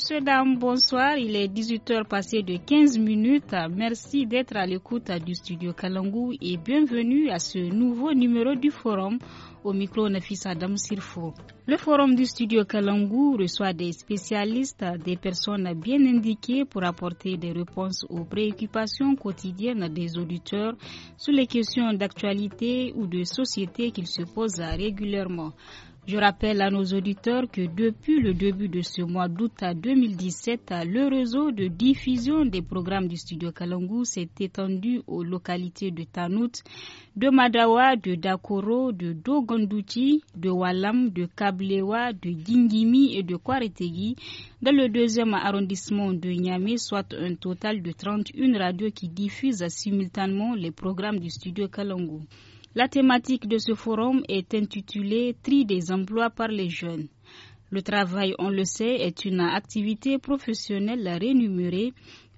Messieurs, dames, bonsoir. Il est 18h passé de 15 minutes. Merci d'être à l'écoute du studio Kalangou et bienvenue à ce nouveau numéro du forum au micro Nafis Adam Sirfo. Le forum du studio Kalangou reçoit des spécialistes, des personnes bien indiquées pour apporter des réponses aux préoccupations quotidiennes des auditeurs sur les questions d'actualité ou de société qu'ils se posent régulièrement. Je rappelle à nos auditeurs que depuis le début de ce mois d'août 2017, le réseau de diffusion des programmes du studio Kalangu s'est étendu aux localités de Tanout, de Madawa, de Dakoro, de Dogondouti, de Walam, de Kablewa, de Dingimi et de Kwaretegi, dans le deuxième arrondissement de Niamey, soit un total de 31 radios qui diffusent simultanément les programmes du studio Kalangu. La thématique de ce forum est intitulée Tri des emplois par les jeunes. Le travail, on le sait, est une activité professionnelle rémunérée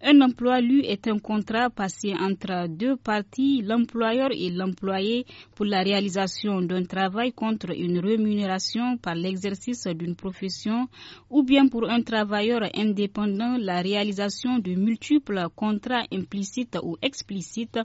un emploi, lu est un contrat passé entre deux parties, l'employeur et l'employé, pour la réalisation d'un travail contre une rémunération par l'exercice d'une profession, ou bien pour un travailleur indépendant, la réalisation de multiples contrats implicites ou explicites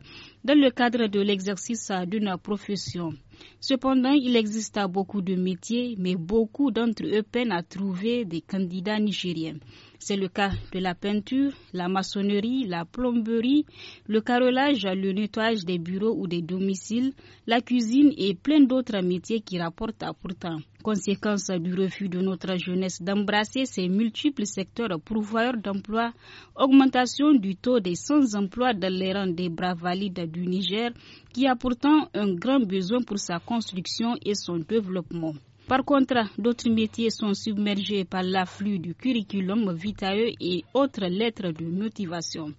dans le cadre de l'exercice d'une profession. Cependant, il existe beaucoup de métiers, mais beaucoup d'entre eux peinent à trouver des candidats nigériens. C'est le cas de la peinture, la maçonnerie, la plomberie, le carrelage, le nettoyage des bureaux ou des domiciles, la cuisine et plein d'autres métiers qui rapportent à pourtant conséquence du refus de notre jeunesse d'embrasser ces multiples secteurs pourvoyeurs d'emplois, augmentation du taux des sans-emploi dans les rangs des bras valides du Niger, qui a pourtant un grand besoin pour sa construction et son développement. Par contre, d'autres métiers sont submergés par l'afflux du curriculum vitae et autres lettres de motivation.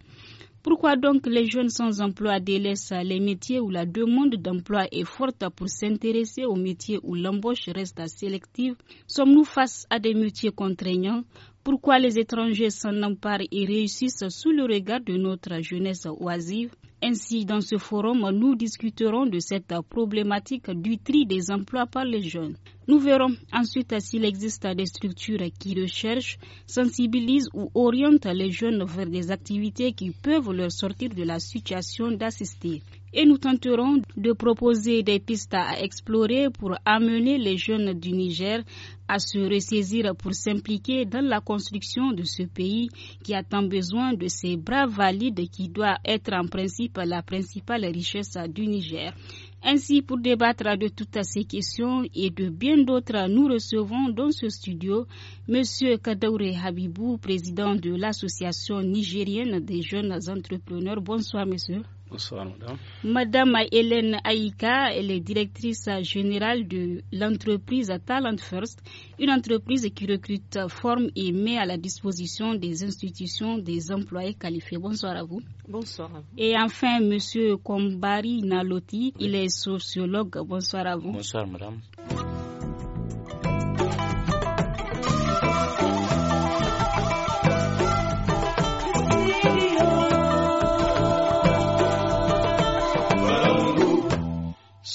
Pourquoi donc les jeunes sans emploi délaissent les métiers où la demande d'emploi est forte pour s'intéresser aux métiers où l'embauche reste sélective Sommes-nous face à des métiers contraignants Pourquoi les étrangers s'en emparent et réussissent sous le regard de notre jeunesse oisive ainsi, dans ce forum, nous discuterons de cette problématique du tri des emplois par les jeunes. Nous verrons ensuite s'il existe des structures qui recherchent, sensibilisent ou orientent les jeunes vers des activités qui peuvent leur sortir de la situation d'assister et nous tenterons de proposer des pistes à explorer pour amener les jeunes du Niger à se ressaisir pour s'impliquer dans la construction de ce pays qui a tant besoin de ces bras valides qui doit être en principe la principale richesse du Niger. Ainsi, pour débattre de toutes ces questions et de bien d'autres, nous recevons dans ce studio M. Kadoure Habibou, président de l'Association nigérienne des jeunes entrepreneurs. Bonsoir, monsieur. Bonsoir, madame. Madame Hélène Aïka, elle est directrice générale de l'entreprise Talent First, une entreprise qui recrute, forme et met à la disposition des institutions des employés qualifiés. Bonsoir à vous. Bonsoir. Et enfin, monsieur Kombari Naloti, il est sociologue. Bonsoir à vous. Bonsoir, madame.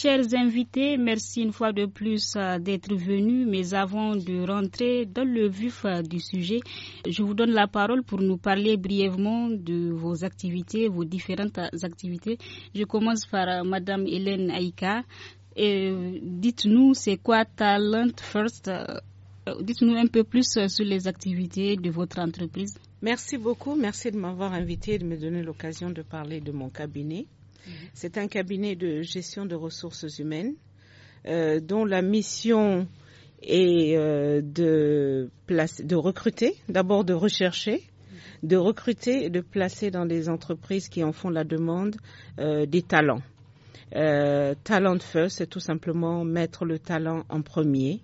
Chers invités, merci une fois de plus euh, d'être venus. Mais avant de rentrer dans le vif euh, du sujet, je vous donne la parole pour nous parler brièvement de vos activités, vos différentes activités. Je commence par euh, Madame Hélène Aïka. Dites-nous, c'est quoi Talent First Dites-nous un peu plus sur les activités de votre entreprise. Merci beaucoup. Merci de m'avoir invité et de me donner l'occasion de parler de mon cabinet. Mhm. C'est un cabinet de gestion de ressources humaines euh, dont la mission est euh, de, recruter, d'abord de rechercher, mhm. de recruter et de placer dans des entreprises qui en font la demande euh, des talents. talent first, c'est tout simplement mettre le talent en premier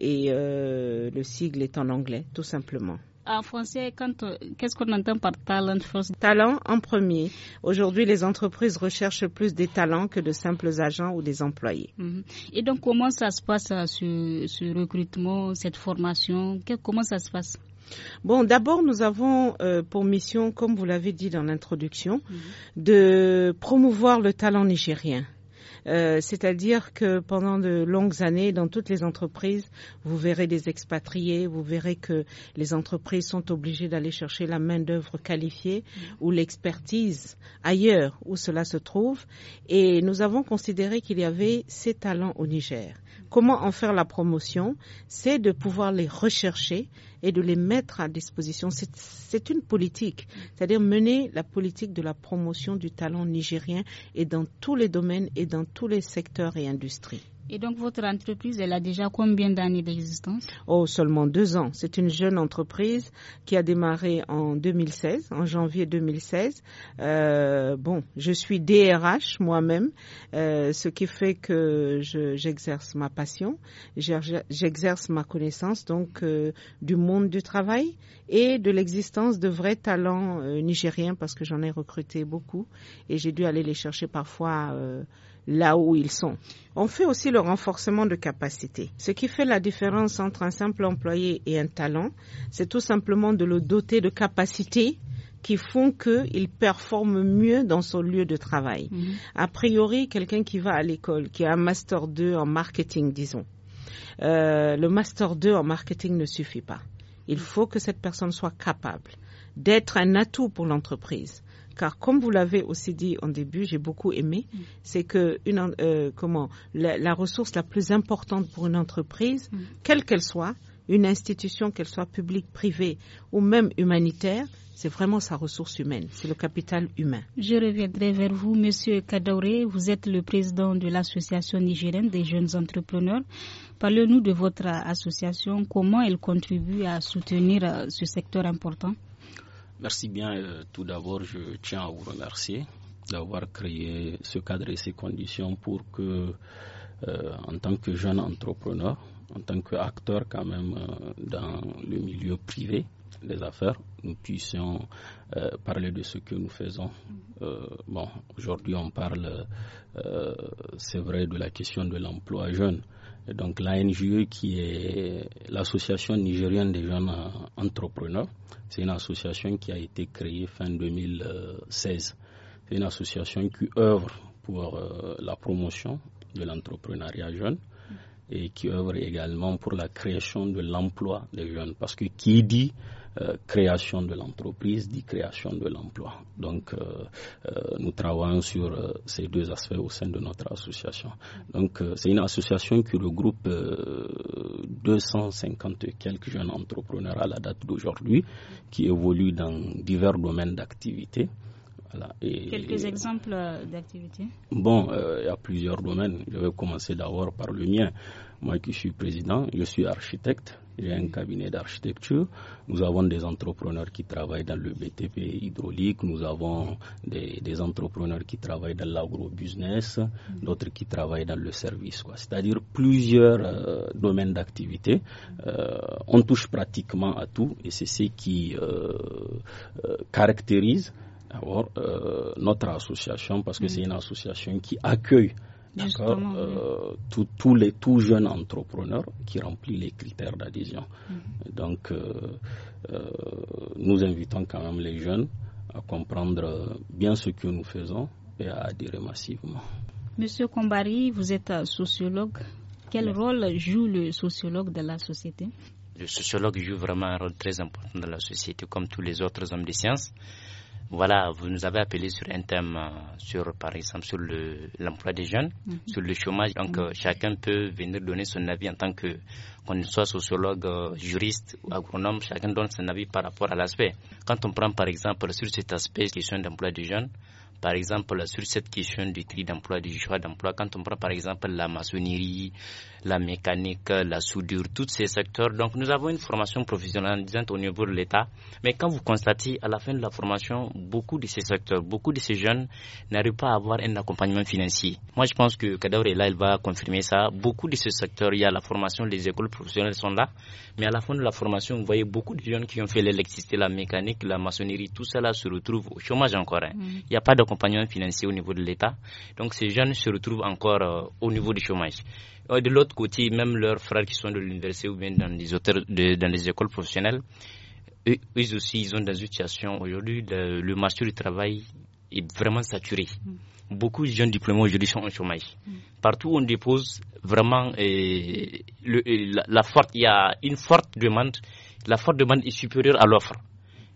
et le sigle est en anglais, tout simplement en français, euh, qu'est-ce qu'on entend par talent Talent en premier. Aujourd'hui, les entreprises recherchent plus des talents que de simples agents ou des employés. Mhm. Et donc, comment ça se passe euh, ce, ce recrutement, cette formation Comment ça se passe Bon, d'abord, nous avons euh, pour mission, comme vous l'avez dit dans l'introduction, mhm. de promouvoir le talent nigérien euh, c'est-à-dire que pendant de longues années, dans toutes les entreprises, vous verrez des expatriés, vous verrez que les entreprises sont obligées d'aller chercher la main-d'œuvre qualifiée mm. ou l'expertise ailleurs où cela se trouve. Et nous avons considéré qu'il y avait ces talents au Niger. Comment en faire la promotion C'est de pouvoir les rechercher et de les mettre à disposition. C'est une politique, c'est-à-dire mener la politique de la promotion du talent nigérien et dans tous les domaines et dans tous les secteurs et industries. Et donc votre entreprise, elle a déjà combien d'années d'existence Oh, seulement deux ans. C'est une jeune entreprise qui a démarré en 2016, en janvier 2016. Euh, bon, je suis DRH moi-même, euh, ce qui fait que j'exerce ma passion, j'exerce ma connaissance donc euh, du monde du travail et de l'existence de vrais talents euh, nigériens parce que j'en ai recruté beaucoup et j'ai dû aller les chercher parfois. Euh, là où ils sont. On fait aussi le renforcement de capacités. Ce qui fait la différence entre un simple employé et un talent, c'est tout simplement de le doter de capacités qui font qu'il performe mieux dans son lieu de travail. Mhm. A priori, quelqu'un qui va à l'école, qui a un master 2 en marketing, disons, euh, le master 2 en marketing ne suffit pas. Il faut que cette personne soit capable d'être un atout pour l'entreprise, car comme vous l'avez aussi dit en début, j'ai beaucoup aimé, mm. c'est que euh, la, ressource la plus importante pour une entreprise, mm. quelle qu'elle soit, une institution, qu'elle soit publique, privée ou même humanitaire, c'est vraiment sa ressource humaine, c'est le capital humain. Je reviendrai vers vous, Monsieur Kadaoré. Vous êtes le président de l'Association nigérienne des jeunes entrepreneurs. Parlez-nous de votre association, comment elle contribue à soutenir euh, ce secteur important. Merci bien. Euh, tout d'abord, je tiens à vous remercier d'avoir créé ce cadre et ces conditions pour que, euh, en tant que jeune entrepreneur, en tant qu'acteur quand même euh, dans le milieu privé des affaires, nous puissions parler de ce que nous faisons. bon, aujourd'hui on parle, c'est vrai, de la question de l'emploi jeune donc l'ANGE qui est l'association nigérienne des jeunes entrepreneurs. C'est une association qui a été créée fin 2016. C'est une association qui œuvre pour euh, la promotion de l'entrepreneuriat jeune et qui œuvre également pour la création de l'emploi des jeunes. Parce que qui dit euh, création de l'entreprise, dit création de l'emploi. Donc, euh, euh, nous travaillons sur ces deux aspects au sein de notre association. Donc, c'est une association qui regroupe 250 et quelques jeunes entrepreneurs à la date d'aujourd'hui, qui évoluent dans divers domaines d'activité. Quelques exemples d'activités Bon, il y a plusieurs domaines. Je vais commencer d'abord par le mien. Moi qui suis président, je suis architecte, j'ai un cabinet d'architecture. Nous avons des entrepreneurs qui travaillent dans le BTP hydraulique. Nous avons des, entrepreneurs qui travaillent dans l'agro-business, d'autres qui travaillent dans le service. C'est-à-dire plusieurs euh, domaines d'activité. Euh, on touche pratiquement à tout et c'est ce qui euh, caractérise notre association parce que mm. c'est une association qui accueille D'accord. Euh, tous les tout jeunes entrepreneurs qui remplissent les critères d'adhésion. Mhm. Donc, euh, euh, nous invitons quand même les jeunes à comprendre bien ce que nous faisons et à adhérer massivement. Monsieur Combari, vous êtes sociologue. Quel rôle joue le sociologue dans la société Le sociologue joue vraiment un rôle très important dans la société, comme tous les autres hommes de sciences. Voilà, vous nous avez appelé sur un thème, euh, sur, par exemple, sur l'emploi des jeunes, mhm. sur le chômage. Donc, mhm. euh, chacun peut venir donner son avis en tant que, qu'on soit sociologue, euh, juriste ou agronome, chacun donne son avis par rapport à l'aspect. Quand on prend, par exemple, sur cet aspect, question d'emploi des jeunes, par exemple, sur cette question du tri d'emploi, du choix d'emploi, quand on prend par exemple la maçonnerie, la mécanique, la soudure, tous ces secteurs, donc nous avons une formation professionnalisante au niveau de l'État. Mais quand vous constatez à la fin de la formation, beaucoup de ces secteurs, beaucoup de ces jeunes n'arrivent pas à avoir un accompagnement financier. Moi, je pense que Kadour est là, il va confirmer ça. Beaucoup de ces secteurs, il y a la formation, les écoles professionnelles sont là. Mais à la fin de la formation, vous voyez beaucoup de jeunes qui ont fait l'électricité, la mécanique, la maçonnerie, tout cela se retrouve au chômage encore. Hein. Mm. Il n'y a pas de accompagnement financier au niveau de l'État. Donc ces jeunes se retrouvent encore euh, au niveau du chômage. Euh, de l'autre côté, même leurs frères qui sont de l'université ou bien dans les dans écoles professionnelles, eux, aussi, ils ont des situations aujourd'hui, le, le, marché du travail est vraiment saturé. Mm. Beaucoup de jeunes diplômés aujourd'hui sont au chômage. Mm. Partout où on dépose, vraiment, euh, la forte, il y a une forte demande. La forte demande est supérieure à l'offre.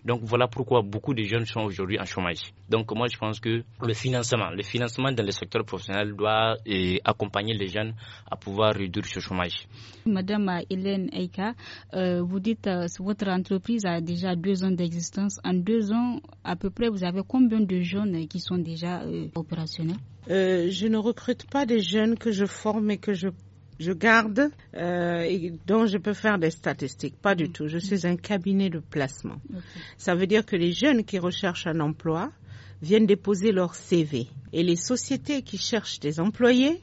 Donc voilà pourquoi beaucoup de jeunes sont aujourd'hui en chômage. Donc moi je pense que le financement, le financement dans le secteur professionnel doit eh, accompagner les jeunes à pouvoir réduire ce chômage. Madame Hélène Eika, euh, vous dites euh, que votre entreprise a déjà deux ans d'existence. En deux ans à peu près, vous avez combien de jeunes qui sont déjà euh, opérationnels Je ne recrute pas des jeunes que je forme et que je je garde euh, et dont je peux faire des statistiques. Pas du mm. tout. Je suis un cabinet de placement. Ça veut dire que les jeunes qui recherchent un emploi viennent déposer leur CV. Et les sociétés qui cherchent des employés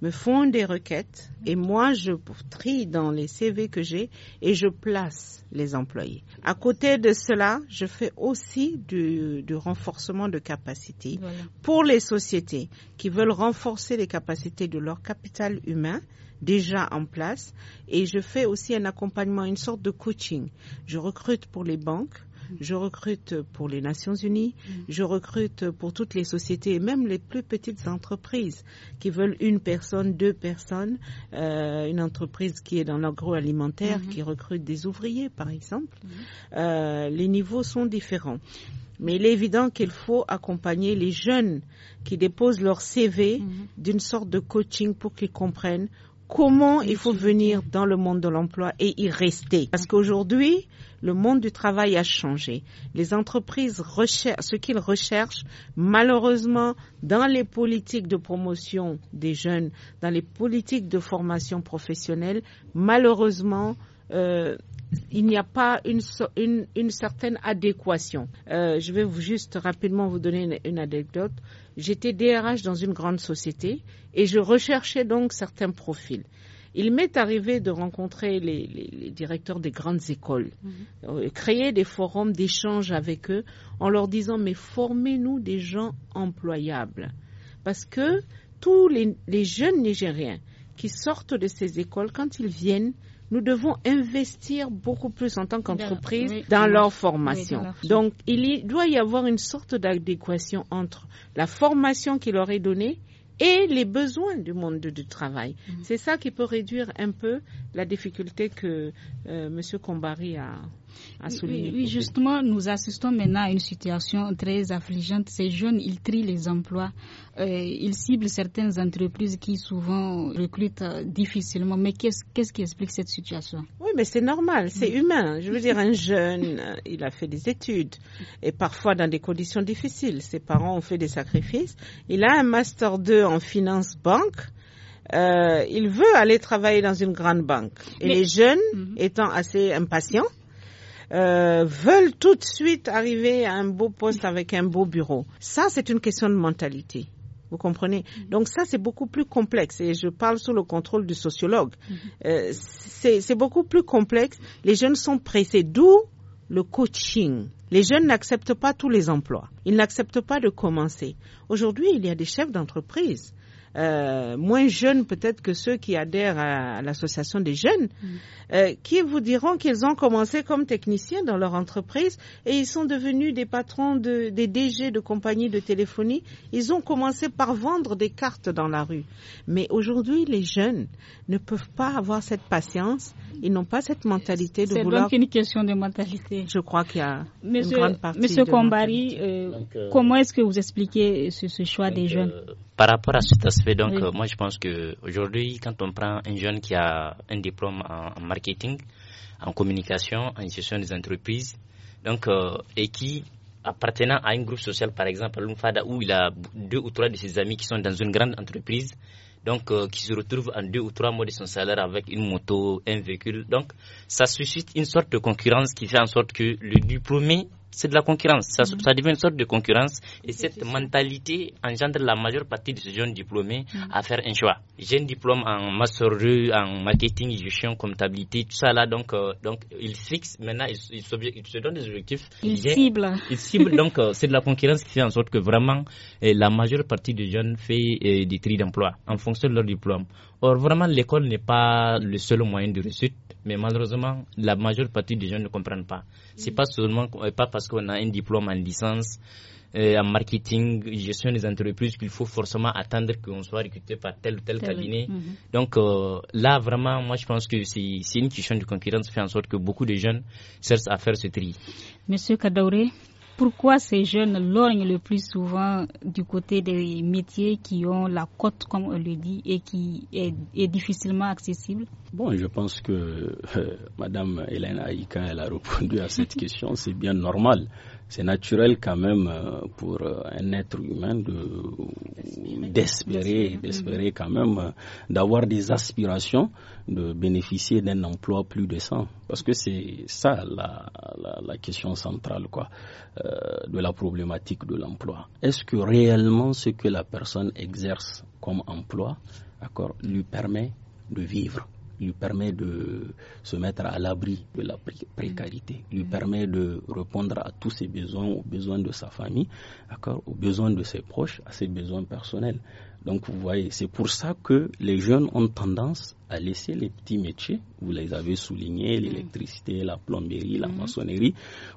me font des requêtes et moi je trie dans les CV que j'ai et je place les employés. À côté de cela, je fais aussi du, renforcement de capacités pour les sociétés qui veulent renforcer les capacités de leur capital humain déjà en place et je fais aussi un accompagnement, une sorte de coaching. Je recrute pour les banques, je recrute pour les Nations Unies, je recrute pour toutes les sociétés et même les plus petites entreprises qui veulent une personne, deux personnes, euh, une entreprise qui est dans l'agroalimentaire, mhm. qui recrute des ouvriers par exemple. Mhm. euh, les niveaux sont différents. Mais il est évident qu'il faut accompagner les jeunes qui déposent leur CV mhm. d'une sorte de coaching pour qu'ils comprennent comment il faut venir dans le monde de l'emploi et y rester. Parce qu'aujourd'hui, le monde du travail a changé. Les entreprises recherchent ce qu'ils recherchent, malheureusement, dans les politiques de promotion des jeunes, dans les politiques de formation professionnelle, malheureusement, euh, il n'y a pas une, une, certaine adéquation. Euh, je vais vous juste rapidement vous donner une, anecdote. J'étais DRH dans une grande société et je recherchais donc certains profils. Il m'est arrivé de rencontrer les, directeurs des grandes écoles, mhm. euh, créer des forums d'échange avec eux en leur disant mais formez-nous des gens employables. Parce que tous les, les jeunes Nigériens qui sortent de ces écoles, quand ils viennent, nous devons investir beaucoup plus en tant qu'entreprise dans, leur formation. Donc, il doit y avoir une sorte d'adéquation entre la formation qui leur est donnée et les besoins du monde du travail. Mhm. C'est ça qui peut réduire un peu la difficulté que euh, M. Combari a oui, justement, nous assistons maintenant à une situation très affligeante. Ces jeunes, ils trient les emplois. Euh, ils ciblent certaines entreprises qui souvent recrutent euh, difficilement. Mais qu'est-ce qui explique cette situation Oui, mais c'est normal, c'est mm. humain. Je veux dire, un jeune, euh, il a fait des études et parfois dans des conditions difficiles. Ses parents ont fait des sacrifices. Il a un master 2 en finance banque. il veut aller travailler dans une grande banque. Et les jeunes, mm-hmm. étant assez impatients, euh, veulent tout de suite arriver à un beau poste avec un beau bureau. Ça, c'est une question de mentalité. Vous comprenez Donc ça, c'est beaucoup plus complexe. Et je parle sous le contrôle du sociologue. Mm-hmm. Euh, c'est beaucoup plus complexe. Les jeunes sont pressés, d'où le coaching. Les jeunes n'acceptent pas tous les emplois. Ils n'acceptent pas de commencer. Aujourd'hui, il y a des chefs d'entreprise euh, moins jeunes peut-être que ceux qui adhèrent à, l'association des jeunes, mm. euh, qui vous diront qu'ils ont commencé comme techniciens dans leur entreprise et ils sont devenus des patrons de, des DG de compagnies de téléphonie. Ils ont commencé par vendre des cartes dans la rue. Mais aujourd'hui, les jeunes ne peuvent pas avoir cette patience. Ils n'ont pas cette mentalité de vouloir. C'est donc une question de mentalité. Je crois qu'il y a une grande partie. Monsieur Combari, euh, euh, comment est-ce que vous expliquez ce, choix des jeunes euh, Par rapport à donc, euh, moi, je pense qu'aujourd'hui, quand on prend un jeune qui a un diplôme en, marketing, en communication, en gestion des entreprises, donc, euh, et qui appartenant à un groupe social, par exemple, à où il a deux ou trois de ses amis qui sont dans une grande entreprise, donc euh, qui se retrouve en deux ou trois mois de son salaire avec une moto, un véhicule. Donc, ça suscite une sorte de concurrence qui fait en sorte que le diplômé c'est de la concurrence. Ça, mm-hmm. ça, devient une sorte de concurrence. Et cette mentalité engendre la majeure partie de ces jeunes diplômés mm-hmm. à faire un choix. J'ai un diplôme en master en marketing, gestion, comptabilité, tout ça là. Donc, euh, donc ils fixent maintenant, ils, se donnent des objectifs. Ils ciblent. Ils ciblent. donc, euh, c'est de la concurrence qui fait en sorte que vraiment euh, la majeure partie des jeunes fait des tri d'emploi en fonction de leur diplôme. Or, vraiment, l'école n'est pas le seul moyen de réussite, mais malheureusement, la majeure partie des jeunes ne comprennent pas. n'est pas seulement, pas parce qu'on a un diplôme en licence, euh, en marketing, gestion des entreprises qu'il faut forcément attendre qu'on soit recruté par tel ou tel, cabinet. Mhm. Donc euh, là, vraiment, moi je pense que c'est une question de concurrence qui fait en sorte que beaucoup de jeunes cherchent à faire ce tri. Monsieur Kadouré pourquoi ces jeunes lorgnent le plus souvent du côté des métiers qui ont la cote, comme on le dit, et qui est, difficilement accessible Bon, je pense que euh, Madame Hélène Aïka, elle a répondu à cette question, c'est bien normal c'est naturel quand même euh, pour euh, un être humain de d'espérer, d'espérer quand même euh, d'avoir des aspirations de bénéficier d'un emploi plus décent. Parce que c'est ça la, la, question centrale quoi, de la problématique de l'emploi. Est-ce que réellement ce que la personne exerce comme emploi d'accord, lui permet de vivre lui permet de se mettre à l'abri de la précarité, mmh. lui mmh. permet de répondre à tous ses besoins, aux besoins de sa famille, aux besoins de ses proches, à ses besoins personnels. Donc vous voyez, c'est pour ça que les jeunes ont tendance à laisser les petits métiers, vous les avez soulignés, mmh. l'électricité, la plomberie, la maçonnerie,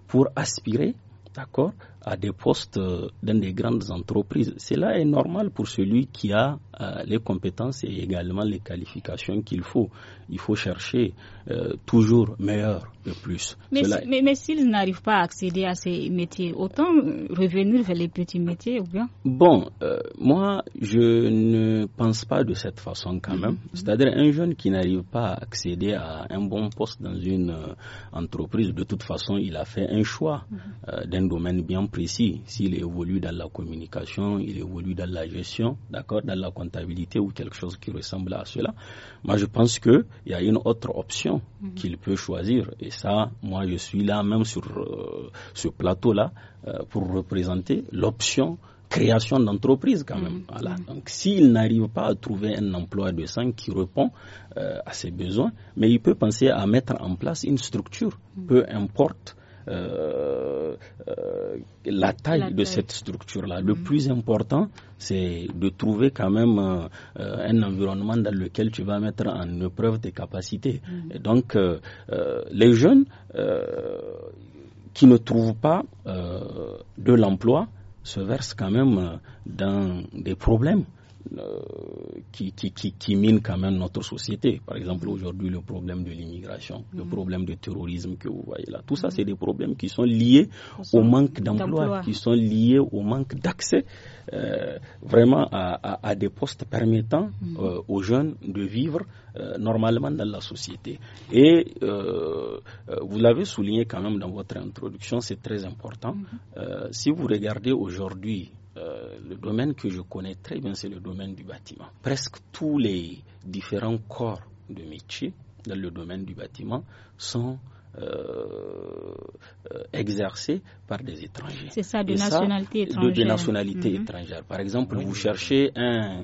pour aspirer, d'accord, à des postes euh, dans des grandes entreprises. Cela est normal pour celui qui a euh, les compétences et également les qualifications qu'il faut. Il faut chercher euh, toujours meilleur de plus. Mais s'il mais, n'arrivent pas à accéder à ces métiers, autant revenir vers les petits métiers ou bien Bon, moi, je ne pense pas de cette façon quand même. Mhm. C'est-à-dire un jeune qui n'arrive pas à accéder à un bon poste dans une entreprise, de toute façon, il a fait un choix mhm. d'un domaine bien précis. S'il évolue dans la communication, il évolue dans la gestion, d'accord, dans la comptabilité ou quelque chose qui ressemble à cela. Moi, je pense qu'il y a une autre option mhm. qu'il peut choisir. Et ça, moi, je suis là même sur euh, ce plateau-là euh, pour représenter l'option création d'entreprise quand mhm. même. Voilà. Mhm. Donc s'il n'arrive pas à trouver un emploi de sang qui répond euh, à ses besoins, mais il peut penser à mettre en place une structure, peu importe euh, euh, euh, la, taille de cette structure-là. Le mhm. plus important, c'est de trouver quand même un environnement dans lequel tu vas mettre en épreuve tes capacités. Mhm. donc, les jeunes qui ne trouvent pas de l'emploi se versent quand même dans des problèmes. Euh, qui, qui, qui, qui minent quand même notre société. Par exemple, aujourd'hui, le problème de l'immigration, le mhm. problème de terrorisme que vous voyez là. Tout ça, mhm. c'est des problèmes qui sont liés au manque d'emploi, qui sont liés au manque d'accès euh, vraiment à, à, des postes permettant mhm. euh, aux jeunes de vivre normalement dans la société. Et vous l'avez souligné quand même dans votre introduction, c'est très important. si vous regardez aujourd'hui euh, le domaine que je connais très bien, c'est le domaine du bâtiment. Presque tous les différents corps de métier dans le domaine du bâtiment sont euh, euh, exercés par des étrangers. C'est ça, de nationalité étrangère. De, nationalité mhm. étrangère. Par exemple, vous cherchez un,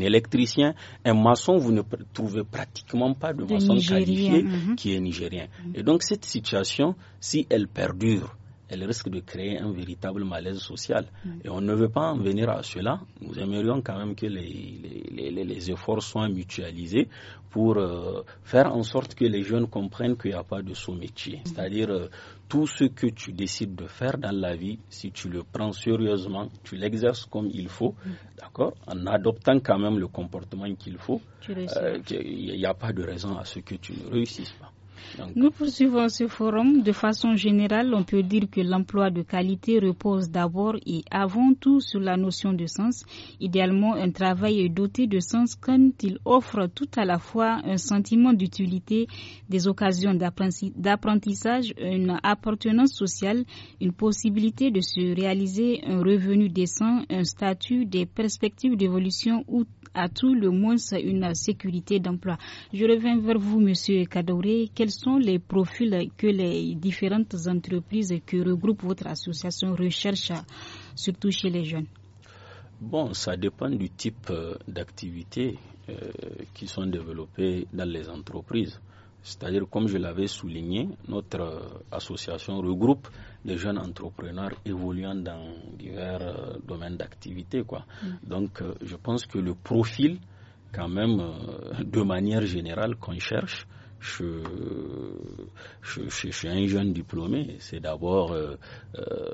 électricien, un maçon, vous ne trouvez pratiquement pas de, maçon qualifié mhm. qui est nigérien. Mhm. Et donc cette situation, si elle perdure, elle risque de créer un véritable malaise social. Et on ne veut pas en venir à cela. Nous aimerions quand même que les, les, efforts soient mutualisés pour euh, faire en sorte que les jeunes comprennent qu'il n'y a pas de sous-métier. C'est-à-dire, euh, tout ce que tu décides de faire dans la vie, si tu le prends sérieusement, tu l'exerces comme il faut, d'accord, en adoptant quand même le comportement qu'il faut, euh, il n'y a pas de raison à ce que tu ne réussisses pas. Nous poursuivons ce forum. De façon générale, on peut dire que l'emploi de qualité repose d'abord et avant tout sur la notion de sens. Idéalement, un travail est doté de sens quand il offre tout à la fois un sentiment d'utilité, des occasions d'apprentissage, une appartenance sociale, une possibilité de se réaliser, un revenu décent, un statut, des perspectives d'évolution ou à tout le moins une sécurité d'emploi. Je reviens vers vous, Monsieur Kadouré. Quel quels sont les profils que les différentes entreprises que regroupe votre association recherchent, surtout chez les jeunes Bon, ça dépend du type euh, d'activité euh, qui sont développées dans les entreprises. C'est-à-dire, comme je l'avais souligné, notre euh, association regroupe des jeunes entrepreneurs évoluant dans divers domaines d'activité. Mm. Donc, je pense que le profil, quand même, de manière générale, qu'on cherche, je, suis un jeune diplômé, c'est d'abord euh, euh,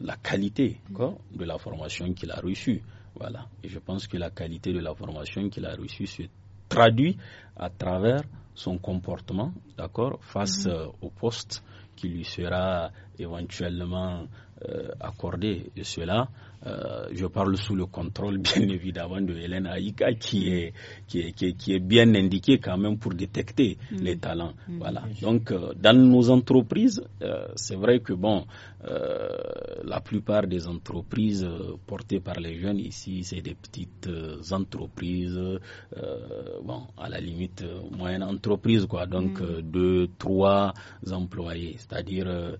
la qualité de la formation qu'il a reçue. Voilà. Et je pense que la qualité de la formation qu'il a reçue se traduit à travers son comportement, d'accord, face mhm. euh, au poste qui lui sera éventuellement accordé. Et cela, euh, je parle sous le contrôle, bien évidemment, de Hélène Aïka, qui est, qui est, qui est, bien indiquée quand même pour détecter mm. les talents. Mm. Voilà. Donc, euh, dans nos entreprises, euh, c'est vrai que, bon, euh, la plupart des entreprises portées par les jeunes ici, c'est des petites entreprises, bon, à la limite, moyenne entreprise, quoi. Donc, mmh. deux, trois employés, c'est-à-dire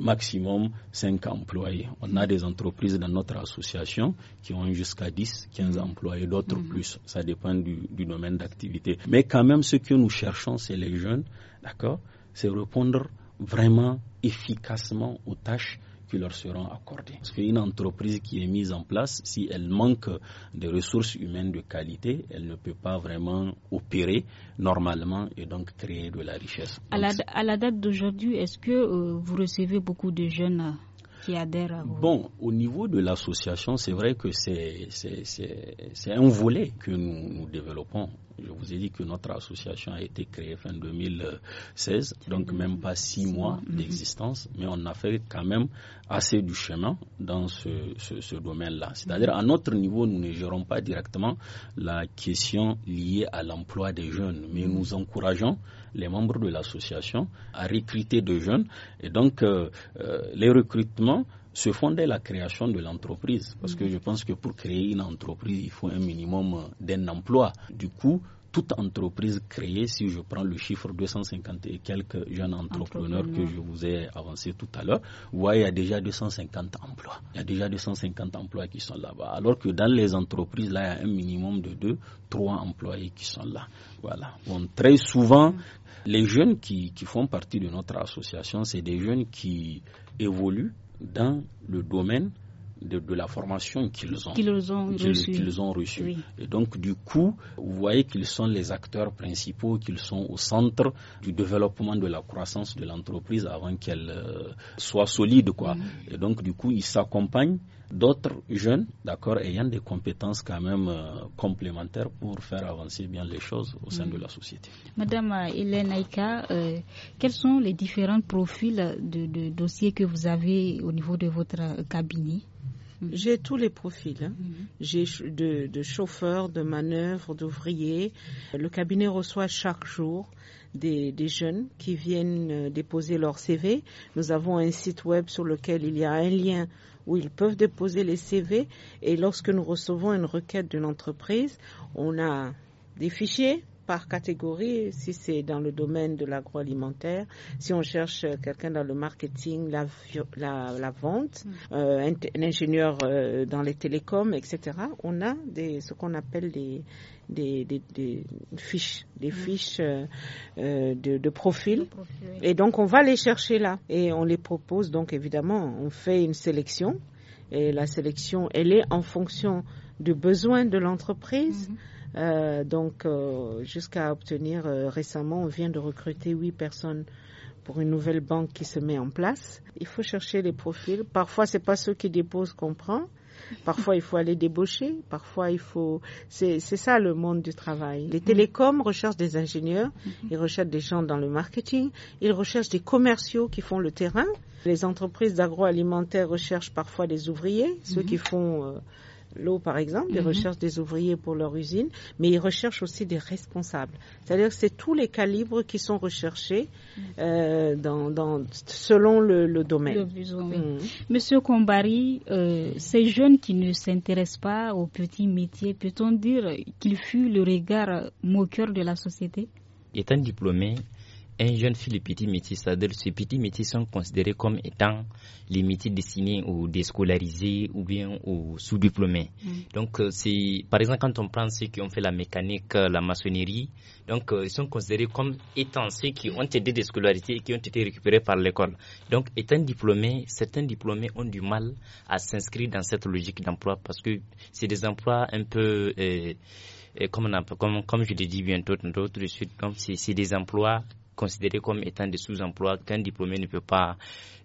maximum cinq employés. On a mm. des entreprises dans notre associations qui ont jusqu'à 10, 15 mm. employés, d'autres mm. plus. Ça dépend du, domaine d'activité. Mais quand même, ce que nous cherchons, c'est les jeunes, d'accord C'est répondre vraiment efficacement aux tâches qui leur seront accordées. Parce qu'une entreprise qui est mise en place, si elle manque de ressources humaines de qualité, elle ne peut pas vraiment opérer normalement et donc créer de la richesse. à, la, date d'aujourd'hui, est-ce que euh, vous recevez beaucoup de jeunes euh, Bon, au niveau de l'association, c'est vrai que c'est un volet que nous, nous développons. Je vous ai dit que notre association a été créée fin 2016, donc même pas six mois mm-hmm. d'existence, mais on a fait quand même assez du chemin dans ce, domaine-là. C'est-à-dire, à notre niveau, nous ne gérons pas directement la question liée à l'emploi des jeunes, mais mm-hmm. nous encourageons les membres de l'association à recruter de jeunes. Et donc, euh, euh, les recrutements se fondait la création de l'entreprise. Parce que mhm. je pense que pour créer une entreprise, il faut un minimum euh, d'un emploi. Du coup, toute entreprise créée, si je prends le chiffre 250 et quelques jeunes entrepreneurs que je vous ai avancé tout à l'heure, vous voyez, il y a déjà 250 emplois. Il y a déjà 250 emplois qui sont là-bas. Alors que dans les entreprises, là, il y a un minimum de 2, 3 employés qui sont là. Voilà. Bon, très souvent, mhm. les jeunes qui, qui font partie de notre association, c'est des jeunes qui évoluent dans le domaine de, la formation qu'ils ont, qu'ils ont reçue. reçu. Et donc, du coup, vous voyez qu'ils sont les acteurs principaux, qu'ils sont au centre du développement de la croissance de l'entreprise avant qu'elle euh, soit solide. Quoi. Mm. Et donc, du coup, ils s'accompagnent d'autres jeunes, d'accord, ayant des compétences quand même euh, complémentaires pour faire avancer bien les choses au sein de mm. la société. Madame Hélène Aïka, euh, quels sont les différents profils de, dossiers que vous avez au niveau de votre cabinet mm. j'ai tous les profils. Hein. Mm-hmm. J'ai de, de chauffeurs, de manœuvres, d'ouvriers. Le cabinet reçoit chaque jour des, jeunes qui viennent euh, déposer leur CV. Nous avons un site web sur lequel il y a un lien où ils peuvent déposer les CV. Et lorsque nous recevons une requête d'une entreprise, on a des fichiers par catégorie, si c'est dans le domaine de l'agroalimentaire, si on cherche quelqu'un dans le marketing, la, vente, mm. euh, un, ingénieur euh, dans les télécoms, etc., on a des, ce qu'on appelle des, des, des, des fiches, des mm. fiches euh, euh, de, de, profil. Et donc on va les chercher là et on les propose. Donc évidemment, on fait une sélection et la sélection, elle est en fonction du besoin de l'entreprise. Mm-hmm. Euh, donc, euh, jusqu'à obtenir euh, récemment, on vient de recruter huit personnes pour une nouvelle banque qui se met en place. Il faut chercher les profils. Parfois, c'est pas ceux qui déposent qu'on prend. Parfois, il faut aller débaucher. Parfois, il faut. C'est ça le monde du travail. Les télécoms mm-hmm. recherchent des ingénieurs. Mm-hmm. Ils recherchent des gens dans le marketing. Ils recherchent des commerciaux qui font le terrain. Les entreprises d'agroalimentaire recherchent parfois des ouvriers, ceux mm-hmm. qui font. Euh, l'eau par exemple, ils mhm. recherches des ouvriers pour leur usine, mais ils recherchent aussi des responsables. C'est-à-dire que c'est tous les calibres qui sont recherchés mhm. euh, selon le, domaine. Mhm. Monsieur Combari, euh, ces jeunes qui ne s'intéressent pas aux petits métiers, peut-on dire qu'ils fut le regard moqueur de la société Étant diplômé, un jeune fille petit métis, c'est-à-dire ces petits métiers sont considérés comme étant les métiers destinés aux déscolarisés ou bien aux sous-diplômés. Mm. Donc, euh, c'est, par exemple, quand on prend ceux qui ont fait la mécanique, euh, la maçonnerie, donc, euh, ils sont considérés comme étant ceux qui ont été déscolarisés et qui ont été récupérés par l'école. Donc, étant diplômés, certains diplômés ont du mal à s'inscrire dans cette logique d'emploi parce que c'est des emplois un peu, euh, comme, on a, comme, comme, je l'ai dit bientôt, d'autres, de suite, c'est des emplois considéré comme étant des sous-emplois qu'un diplômé ne peut pas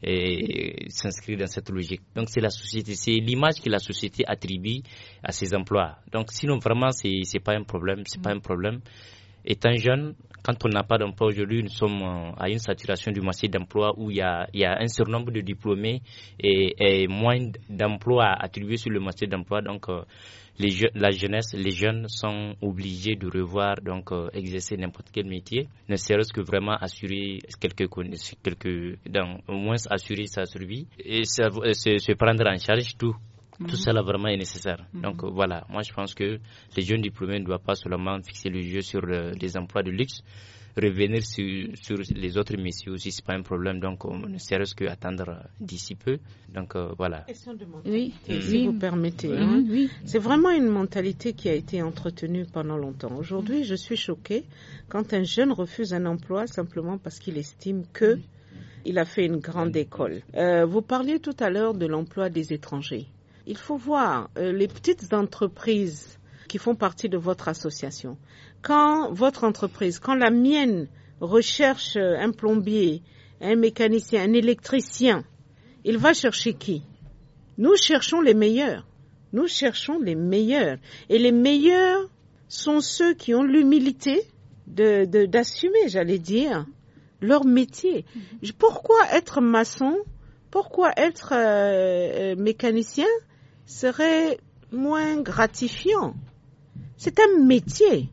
euh, s'inscrire dans cette logique. Donc c'est la société, c'est l'image que la société attribue à ces emplois. Donc sinon vraiment c'est c'est pas un problème, c'est pas un problème. Étant jeune, quand on n'a pas d'emploi aujourd'hui, nous sommes à une saturation du marché d'emploi où il y, a, il y a, un surnombre de diplômés et, et moins d'emplois attribués sur le marché d'emploi. Donc, euh, la jeunesse, les jeunes sont obligés de revoir, donc euh, exercer n'importe quel métier, ne serait-ce que vraiment assurer quelques quelques, donc, au moins assurer sa survie et se prendre en charge tout Mhm. Tout cela vraiment est nécessaire. Mhm. Donc voilà, moi je pense que les jeunes diplômés ne doivent pas seulement fixer le jeu sur les emplois de luxe, revenir sur, les autres métiers aussi, c'est pas un problème. Donc on ne serait-ce qu'attendre d'ici peu. Donc euh, voilà. Oui, si vous permettez. Hein. C'est vraiment une mentalité qui a été entretenue pendant longtemps. Aujourd'hui, mhm. je suis choquée quand un jeune refuse un emploi simplement parce qu'il estime que il a fait une grande école. Euh, vous parliez tout à l'heure de l'emploi des étrangers. Il faut voir euh, les petites entreprises qui font partie de votre association. Quand votre entreprise, quand la mienne recherche euh, un plombier, un mécanicien, un électricien, il va chercher qui Nous cherchons les meilleurs. Nous cherchons les meilleurs. Et les meilleurs sont ceux qui ont l'humilité d'assumer, j'allais dire, leur métier. Mm-hmm. Pourquoi être maçon Pourquoi être euh, mécanicien serait moins gratifiant. C'est un métier.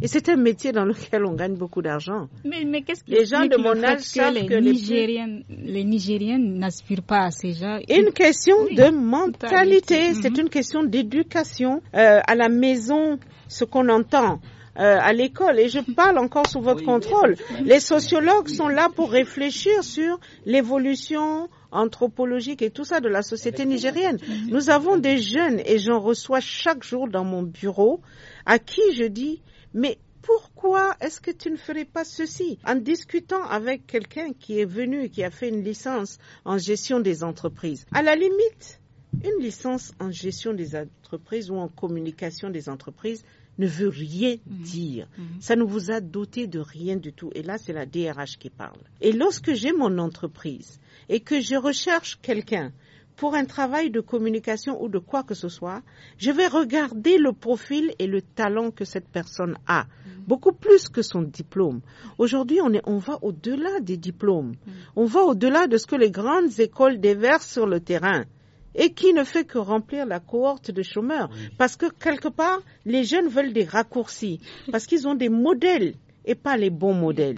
Et c'est un métier dans lequel on gagne beaucoup d'argent. Mais, mais qu'est-ce qui Les gens de mon âge savent que, les, Nigériennes, les Nigériennes n'aspirent pas à ces gens. Une question de mentalité, c'est mhm. une question d'éducation euh, à la maison, ce qu'on entend. Euh, à l'école. Et je parle encore sous votre contrôle. Les sociologues sont là pour réfléchir sur l'évolution anthropologique et tout ça de la société nigérienne. Nous avons des jeunes et j'en reçois chaque jour dans mon bureau à qui je dis mais pourquoi est-ce que tu ne ferais pas ceci En discutant avec quelqu'un qui est venu et qui a fait une licence en gestion des entreprises, à la limite, une licence en gestion des entreprises ou en communication des entreprises, ne veut rien mhm. dire. Mhm. Ça ne vous a doté de rien du tout. Et là, c'est la DRH qui parle. Et lorsque j'ai mon entreprise et que je recherche quelqu'un pour un travail de communication ou de quoi que ce soit, je vais regarder le profil et le talent que cette personne a, mhm. beaucoup plus que son diplôme. Aujourd'hui, on, est, on va au-delà des diplômes. On va au-delà de ce que les grandes écoles déversent sur le terrain et qui ne fait que remplir la cohorte de chômeurs. Parce que quelque part, les jeunes veulent des raccourcis, parce qu'ils ont des modèles et pas les bons modèles.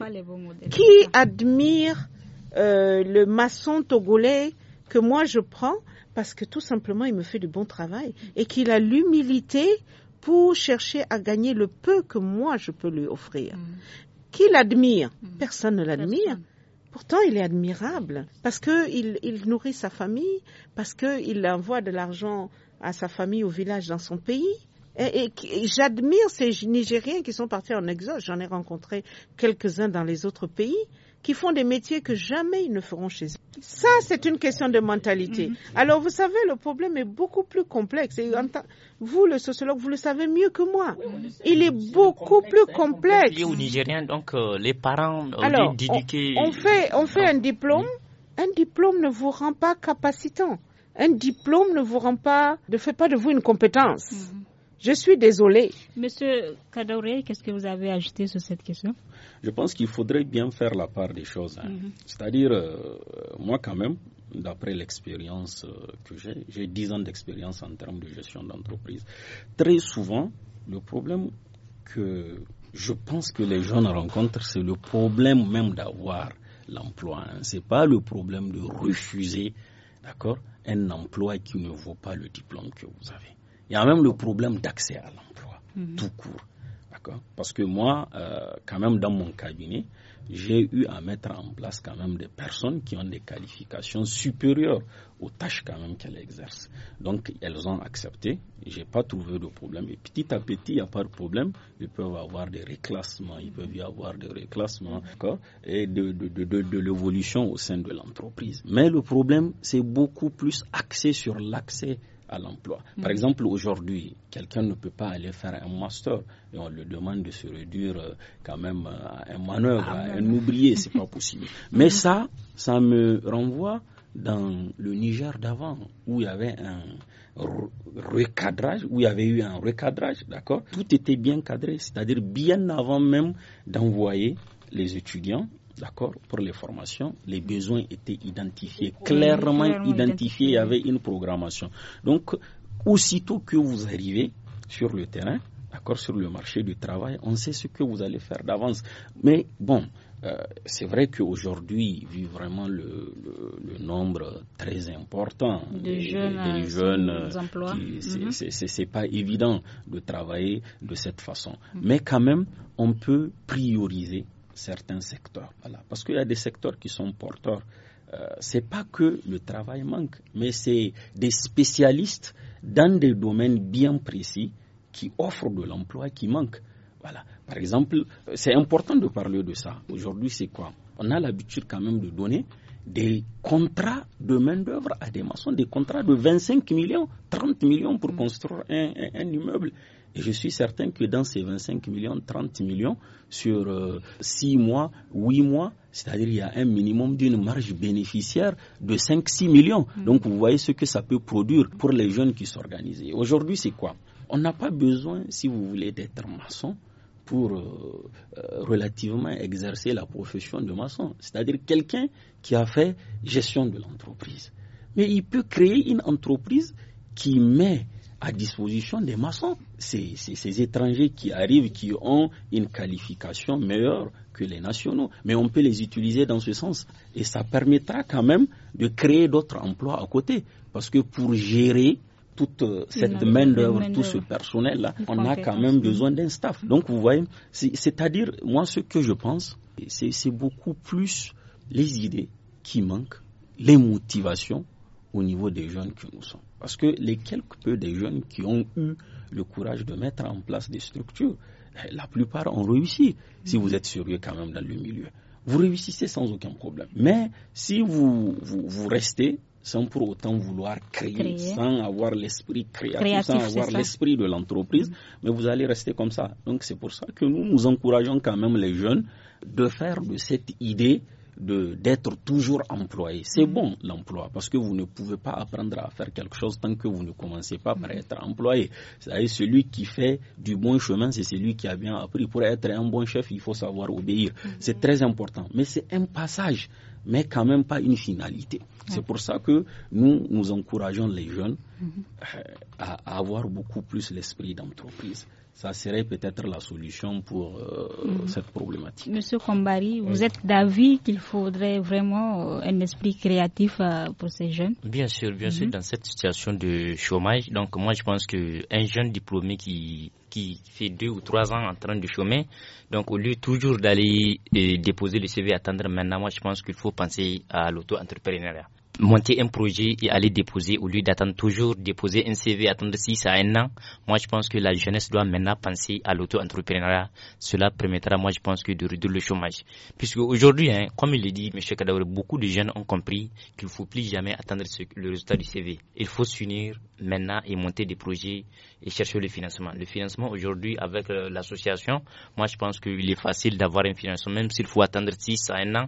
Qui admire euh, le maçon togolais que moi je prends parce que tout simplement il me fait du bon travail et qu'il a l'humilité pour chercher à gagner le peu que moi je peux lui offrir. Mm. Qui l'admire mm. Personne ne l'admire. Pourtant, il est admirable parce qu'il il nourrit sa famille, parce qu'il envoie de l'argent à sa famille au village dans son pays. et j'admire ces Nigériens qui sont partis en exode. J'en ai rencontré quelques-uns dans les autres pays qui font des métiers que jamais ils ne feront chez eux. Ça, c'est une question de mentalité. Mm-hmm. Alors, vous savez, le problème est beaucoup plus complexe. Et vous, le sociologue, vous le savez mieux que moi. Il est, beaucoup plus complexe. Au Nigérien, donc, euh, les parents ont euh, Alors, on, fait, on fait ah. un diplôme. Mm. Un diplôme ne vous rend pas capacitant. Un diplôme ne vous rend pas, ne fait pas de vous une compétence. Mm-hmm. Je suis désolé. Monsieur Kadouré, qu'est-ce que vous avez ajouté sur cette question Je pense qu'il faudrait bien faire la part des choses. Hein. Mm-hmm. C'est-à-dire, euh, moi quand même, d'après l'expérience euh, que j'ai, j'ai 10 ans d'expérience en termes de gestion d'entreprise. Très souvent, le problème que je pense que les jeunes rencontrent, c'est le problème même d'avoir l'emploi. Hein. Ce n'est pas le problème de refuser d'accord, un emploi qui ne vaut pas le diplôme que vous avez. Il y a même le problème d'accès à l'emploi, mhm. tout court. Parce que moi, euh, quand même, dans mon cabinet, j'ai eu à mettre en place quand même des personnes qui ont des qualifications supérieures aux tâches quand même qu'elles exercent. Donc, elles ont accepté. Je n'ai pas trouvé de problème. Et petit à petit, il n'y a pas de problème. Ils peuvent avoir des reclassements. Ils peuvent y avoir des reclassements mhm. et de, de, de, de l'évolution au sein de l'entreprise. Mais le problème, c'est beaucoup plus axé sur l'accès à l'emploi. Mm. Par exemple, aujourd'hui, quelqu'un ne peut pas aller faire un master et on le demande de se réduire euh, quand même euh, à un manœuvre, ah, à un oublié, c'est pas possible. Mais mm-hmm. ça, ça me renvoie dans le Niger d'avant, où il y avait un recadrage, où il y avait eu un recadrage, d'accord Tout était bien cadré, c'est-à-dire bien avant même d'envoyer les étudiants D'accord Pour les formations, les mm. besoins étaient identifiés, clairement, identifiés. Il y avait une programmation. Donc, aussitôt que vous arrivez sur le terrain, d'accord, sur le marché du travail, on sait ce que vous allez faire d'avance. Mais bon, euh, c'est vrai qu'aujourd'hui, vu vraiment le, nombre très important des jeunes, des hein, jeunes mm-hmm. c'est pas évident de travailler de cette façon. Mm. Mais quand même, on peut prioriser certains secteurs. Voilà. Parce qu'il y a des secteurs qui sont porteurs. Ce euh, c'est pas que le travail manque, mais c'est des spécialistes dans des domaines bien précis qui offrent de l'emploi qui manque. Voilà. Par exemple, c'est important de parler de ça. Aujourd'hui, c'est quoi On a l'habitude quand même de donner des contrats de main-d'œuvre à des maçons, des contrats de 25 millions, 30 millions pour mm. construire un immeuble. Et je suis certain que dans ces 25 millions, 30 millions, sur 6 euh, mois, 8 mois, c'est-à-dire il y a un minimum d'une marge bénéficiaire de 5-6 millions. Mm. Donc vous voyez ce que ça peut produire pour les jeunes qui s'organisent. Aujourd'hui, c'est quoi On n'a pas besoin, si vous voulez, d'être maçon pour euh, euh, relativement exercer la profession de maçon, c'est-à-dire quelqu'un qui a fait gestion de l'entreprise. Mais il peut créer une entreprise qui met à disposition des maçons. C'est ces étrangers qui arrivent, qui ont une qualification meilleure que les nationaux. Mais on peut les utiliser dans ce sens. Et ça permettra quand même de créer d'autres emplois à côté. Parce que pour gérer toute euh, cette main-d'œuvre, tout ce personnel-là, on a quand même besoin mm-hmm. d'un staff. Donc vous voyez, c'est-à-dire, moi, ce que je pense, c'est beaucoup plus les idées qui manquent, les motivations au niveau des jeunes que nous sommes. Parce que les quelques peu des jeunes qui ont eu le courage de mettre en place des structures, eh, la plupart ont réussi, si vous êtes sérieux quand même dans le milieu. Vous réussissez sans aucun problème. Mais si vous, vous, restez sans pour autant vouloir créer, sans avoir l'esprit créatif, sans avoir l'esprit de l'entreprise, mm. mais vous allez rester comme ça. Donc c'est pour ça que nous, nous encourageons quand même les jeunes de faire de cette idée d'être toujours employé. C'est bon l'emploi parce que vous ne pouvez pas apprendre à faire quelque chose tant que vous ne commencez pas par être employé. cest celui qui fait du bon chemin, c'est celui qui a bien appris. Pour être un bon chef, il faut savoir obéir. C'est très important. Mais c'est un passage, mais quand même pas une finalité. C'est pour ça que nous, nous encourageons les jeunes euh, à avoir beaucoup plus l'esprit d'entreprise ça serait peut-être la solution pour euh, mhm. cette problématique. Monsieur Kombari, vous êtes d'avis qu'il faudrait vraiment euh, un esprit créatif euh, pour ces jeunes Bien sûr, bien sûr, mhm. dans cette situation de chômage. Donc moi, je pense qu'un jeune diplômé qui, fait deux ou trois ans en train de chômer, donc au lieu toujours d'aller déposer le CV, attendre maintenant, moi, je pense qu'il faut penser à l'auto-entrepreneuriat monter un projet et aller déposer au lieu d'attendre toujours déposer un CV, attendre 6 à 1 an. Moi, je pense que la jeunesse doit maintenant penser à l'auto-entrepreneuriat. Cela permettra, moi, je pense que de réduire le chômage. Puisque aujourd'hui, hein, comme il le dit, M. Kadour, beaucoup de jeunes ont compris qu'il faut plus jamais attendre le résultat du CV. Il faut s'unir maintenant et monter des projets et chercher le financement. Le financement aujourd'hui avec euh, l'association, moi, je pense qu'il est facile d'avoir un financement, même s'il faut attendre 6 à 1 an.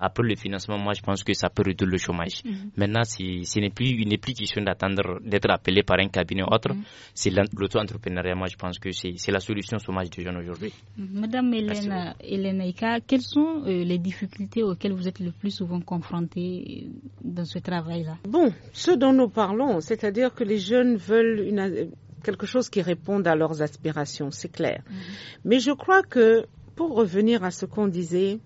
Après le financement, moi, je pense que ça peut réduire le chômage. Mhm. Maintenant, ce n'est plus, une n'est question d'attendre d'être appelé par un cabinet ou autre. Mhm. C'est l'auto-entrepreneuriat. Moi, je pense que c'est la solution au chômage des jeunes aujourd'hui. Mhm. Madame Hélène Hélène quelles sont euh, les difficultés auxquelles vous êtes le plus souvent confrontée euh, dans ce travail-là Bon, ce dont nous parlons, c'est-à-dire que les jeunes veulent euh, quelque chose qui réponde à leurs aspirations, c'est clair. Mais je crois que, pour revenir à ce qu'on disait,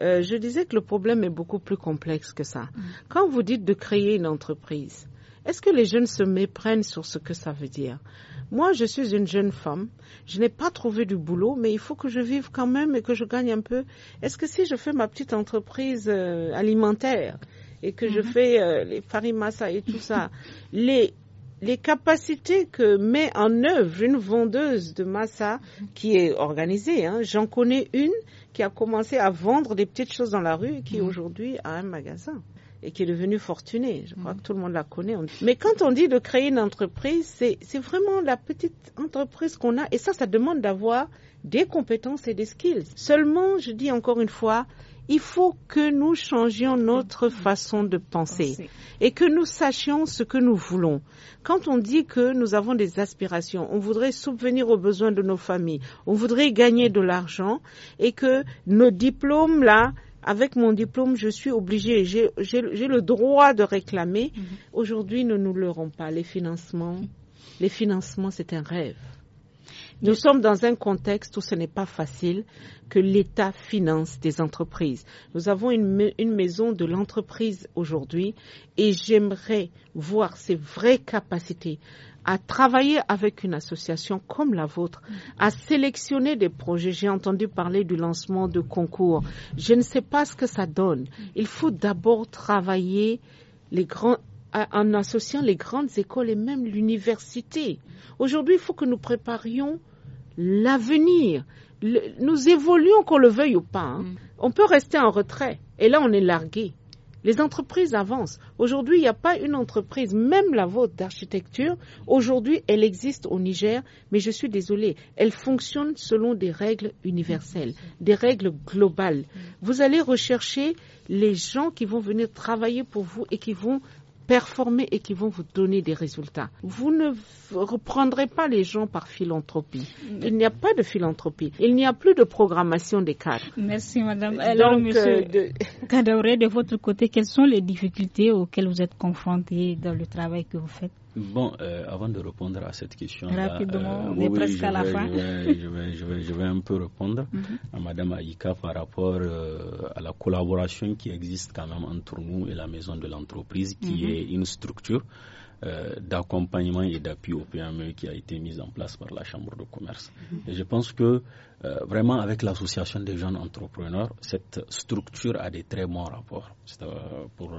euh, je disais que le problème est beaucoup plus complexe que ça. Mm. Quand vous dites de créer une entreprise, est-ce que les jeunes se méprennent sur ce que ça veut dire Moi, je suis une jeune femme, je n'ai pas trouvé du boulot, mais il faut que je vive quand même et que je gagne un peu. Est-ce que si je fais ma petite entreprise euh, alimentaire et que je mm-hmm. fais euh, les farimassa et tout ça, les les capacités que met en œuvre une vendeuse de massa qui est organisée. Hein. J'en connais une qui a commencé à vendre des petites choses dans la rue et qui mhm. aujourd'hui a un magasin et qui est devenue fortunée. Je crois mhm. que tout le monde la connaît. Mais quand on dit de créer une entreprise, c'est vraiment la petite entreprise qu'on a. Et ça, ça demande d'avoir des compétences et des skills. Seulement, je dis encore une fois, il faut que nous changions notre façon de penser et que nous sachions ce que nous voulons. Quand on dit que nous avons des aspirations, on voudrait subvenir aux besoins de nos familles, on voudrait gagner de l'argent et que nos diplômes là, avec mon diplôme, je suis obligée, j'ai le droit de réclamer. Mhm. Aujourd'hui, nous ne nous l'aurons pas. Les financements, les financements, c'est un rêve. Nous sommes dans un contexte où ce n'est pas facile que l'État finance des entreprises. Nous avons une, maison de l'entreprise aujourd'hui et j'aimerais voir ses vraies capacités à travailler avec une association comme la vôtre, à sélectionner des projets. J'ai entendu parler du lancement de concours. Je ne sais pas ce que ça donne. Il faut d'abord travailler les grands, en associant les grandes écoles et même l'université. Aujourd'hui, il faut que nous préparions l'avenir. Nous évoluons qu'on le veuille ou pas. Hein. Mm. On peut rester en retrait et là on est largué. Les entreprises avancent. Aujourd'hui, il n'y a pas une entreprise, même la vôtre d'architecture. Aujourd'hui, elle existe au Niger, mais je suis désolée, elle fonctionne selon des règles universelles, mm. des règles globales. Mm. Vous allez rechercher les gens qui vont venir travailler pour vous et qui vont performer et qui vont vous donner des résultats. Vous ne reprendrez pas les gens par philanthropie. Il n'y a pas de philanthropie. Il n'y a plus de programmation des cadres. Merci, madame. Alors, euh, monsieur de... de votre côté, quelles sont les difficultés auxquelles vous êtes confrontés dans le travail que vous faites Bon, euh, avant de répondre à cette question, Je vais, un peu répondre mhm. à Madame Aïka par rapport euh, à la collaboration qui existe quand même entre nous et la maison de l'entreprise, qui mhm. est une structure euh, d'accompagnement et d'appui au PME qui a été mise en place par la Chambre de commerce. Et je pense que euh, vraiment avec l'association des jeunes entrepreneurs, cette structure a des très bons rapports. Euh, pour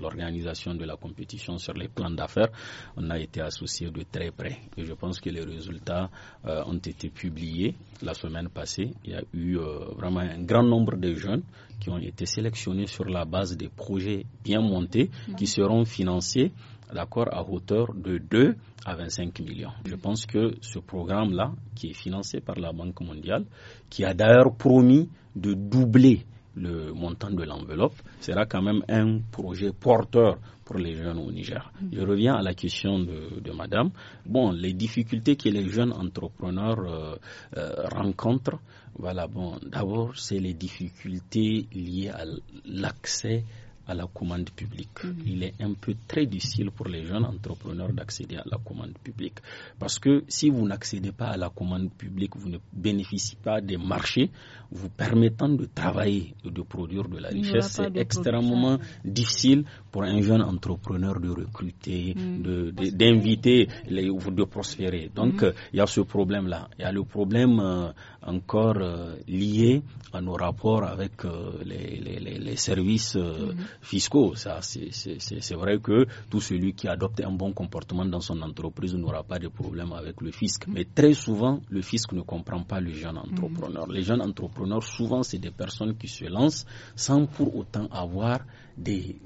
l'organisation de la compétition sur les plans d'affaires, on a été associé de très près. Et je pense que les résultats ont été publiés la semaine passée. Il y a eu vraiment un grand nombre de jeunes qui ont été sélectionnés sur la base des projets bien montés qui seront financés d'accord, à hauteur de 2 à 25 millions. Je mm-hmm. pense que ce programme-là, qui est financé par la Banque mondiale, qui a d'ailleurs promis de doubler le montant de l'enveloppe, sera quand même un projet porteur pour les jeunes au Niger. Mm-hmm. Je reviens à la question de, madame. Bon, les difficultés que les jeunes entrepreneurs euh, euh, rencontrent, voilà, bon, d'abord, c'est les difficultés liées à l'accès à la commande publique. Mm-hmm. Il est un peu très difficile pour les jeunes entrepreneurs d'accéder à la commande publique. Parce que si vous n'accédez pas à la commande publique, vous ne bénéficiez pas des marchés vous permettant de travailler et de produire de la richesse. C'est extrêmement difficile pour un jeune entrepreneur de recruter, mm. d'inviter, de, de, prospérer. Donc, mm-hmm. il y a ce problème-là. Il y a le problème euh, encore euh, lié à nos rapports avec euh, les, services. Mm-hmm fiscaux. Ça, c'est vrai que tout celui qui adopte un bon comportement dans son entreprise n'aura pas de problème avec le fisc. Mais très souvent, le fisc ne comprend pas le jeune entrepreneur. Mm-hmm. Les jeunes entrepreneurs, souvent, c'est des personnes qui se lancent sans pour autant avoir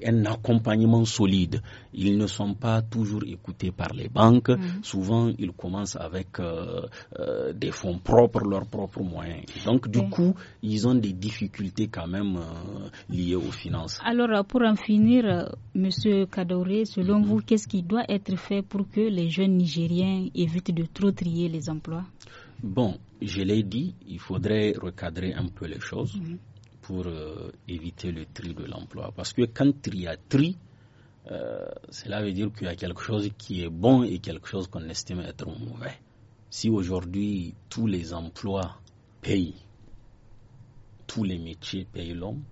un accompagnement solide. Ils ne sont pas toujours écoutés par les banques. Mm-hmm. Souvent, ils commencent avec euh, euh, des fonds propres, leurs propres moyens. Donc, du coup, ils ont des difficultés quand même euh, liées aux finances. Alors, pour en finir, Monsieur Kadoré, selon mm-hmm. vous, qu'est-ce qui doit être fait pour que les jeunes Nigériens évitent de trop trier les emplois Bon, je l'ai dit, il faudrait recadrer un peu les choses. Mm-hmm pour euh, éviter le tri de l'emploi. Parce que quand il y a tri, euh, cela veut dire qu'il y a quelque chose qui est bon et quelque chose qu'on estime être mauvais. Si aujourd'hui tous les emplois payent, tous les métiers payent l'homme,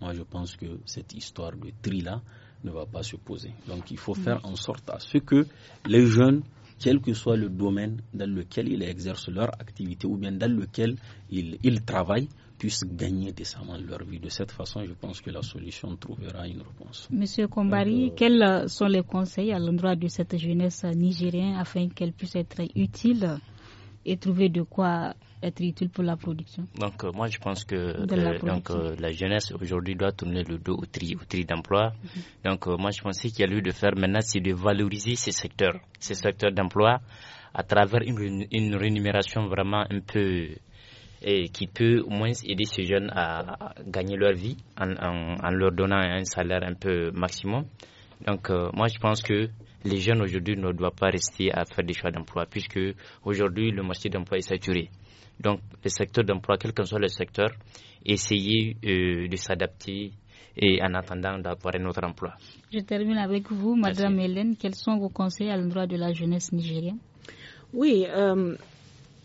moi je pense que cette histoire de tri-là ne va pas se poser. Donc il faut faire en sorte à ce que les jeunes quel que soit le domaine dans lequel ils exercent leur activité ou bien dans lequel ils travaillent, puissent gagner décemment leur vie. De cette façon, je pense que la solution trouvera une réponse. Monsieur Kombari, euh, quels sont les conseils à l'endroit de cette jeunesse nigérienne afin qu'elle puisse être utile et trouver de quoi être utile pour la production Donc, euh, moi, je pense que la, euh, donc, la jeunesse aujourd'hui doit tourner le dos au tri, au tri d'emploi. Mhm. Donc, moi, je pense qu'il y a lieu de faire maintenant, c'est de valoriser ces secteurs, ces secteurs d'emploi à travers une, une rémunération vraiment un peu et qui peut au moins aider ces jeunes à, gagner leur vie en, leur donnant un salaire un peu maximum. Donc euh, moi je pense que les jeunes aujourd'hui ne doivent pas rester à faire des choix d'emploi puisque aujourd'hui le marché d'emploi est saturé. Donc le secteur d'emploi, quel que soit le secteur, essayez euh, de s'adapter et en attendant d'avoir un autre emploi. Je termine avec vous, Madame Hélène. Quels sont vos conseils à l'endroit de la jeunesse nigérienne Oui, euh,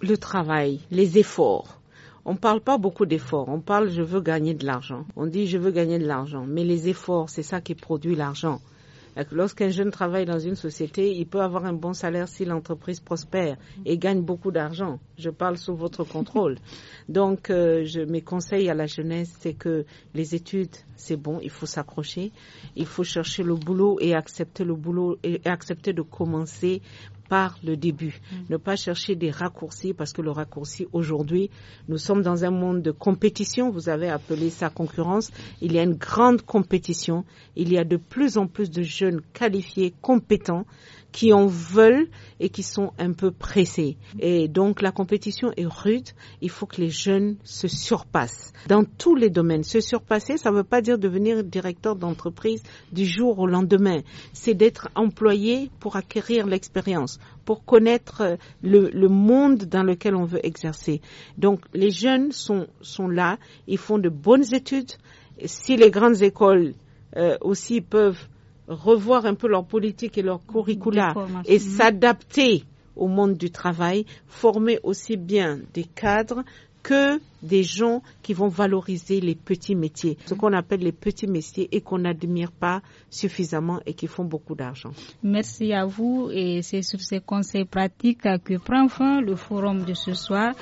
le travail, les efforts on ne parle pas beaucoup d'efforts. On parle je veux gagner de l'argent. On dit je veux gagner de l'argent. Mais les efforts, c'est ça qui produit l'argent. Lorsqu'un jeune travaille dans une société, il peut avoir un bon salaire si l'entreprise prospère et gagne beaucoup d'argent. Je parle sous votre contrôle. Donc, euh, je, mes conseils à la jeunesse, c'est que les études, c'est bon, il faut s'accrocher, il faut chercher le boulot et accepter le boulot et accepter de commencer par le début. Mm. Ne pas chercher des raccourcis parce que le raccourci aujourd'hui, nous sommes dans un monde de compétition. Vous avez appelé ça concurrence. Il y a une grande compétition. Il y a de plus en plus de jeunes qualifiés, compétents, qui en veulent et qui sont un peu pressés. Et donc la compétition est rude. Il faut que les jeunes se surpassent dans tous les domaines. Se surpasser, ça ne veut pas dire devenir directeur d'entreprise du jour au lendemain. C'est d'être employé pour acquérir l'expérience pour connaître le, monde dans lequel on veut exercer. Donc les jeunes sont, sont là, ils font de bonnes études. Si les grandes écoles euh, aussi peuvent revoir un peu leur politique et leur curricula et s'adapter au monde du travail, former aussi bien des cadres que des gens qui vont valoriser les petits métiers, ce mhm. qu'on appelle les petits métiers et qu'on n'admire pas suffisamment et qui font beaucoup d'argent. Merci à vous et c'est sur ces conseils pratiques que prend fin le forum de ce soir.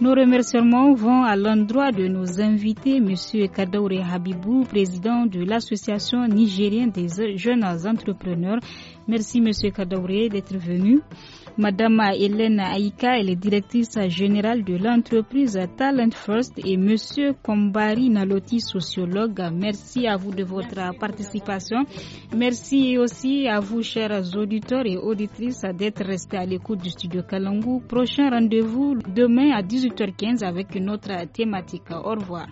Nos remerciements vont à l'endroit de nos invités, M. Kadoure Habibou, président de l'Association nigérienne des jeunes entrepreneurs. Merci M. Kadoure d'être venu. Madame Hélène Aïka, elle est directrice générale de l'entreprise Talent et Monsieur Kombari Naloti, sociologue. Merci à vous de votre participation. Merci aussi à vous, chers auditeurs et auditrices, d'être restés à l'écoute du studio Kalangu. Prochain rendez-vous demain à 18h15 avec une autre thématique. Au revoir.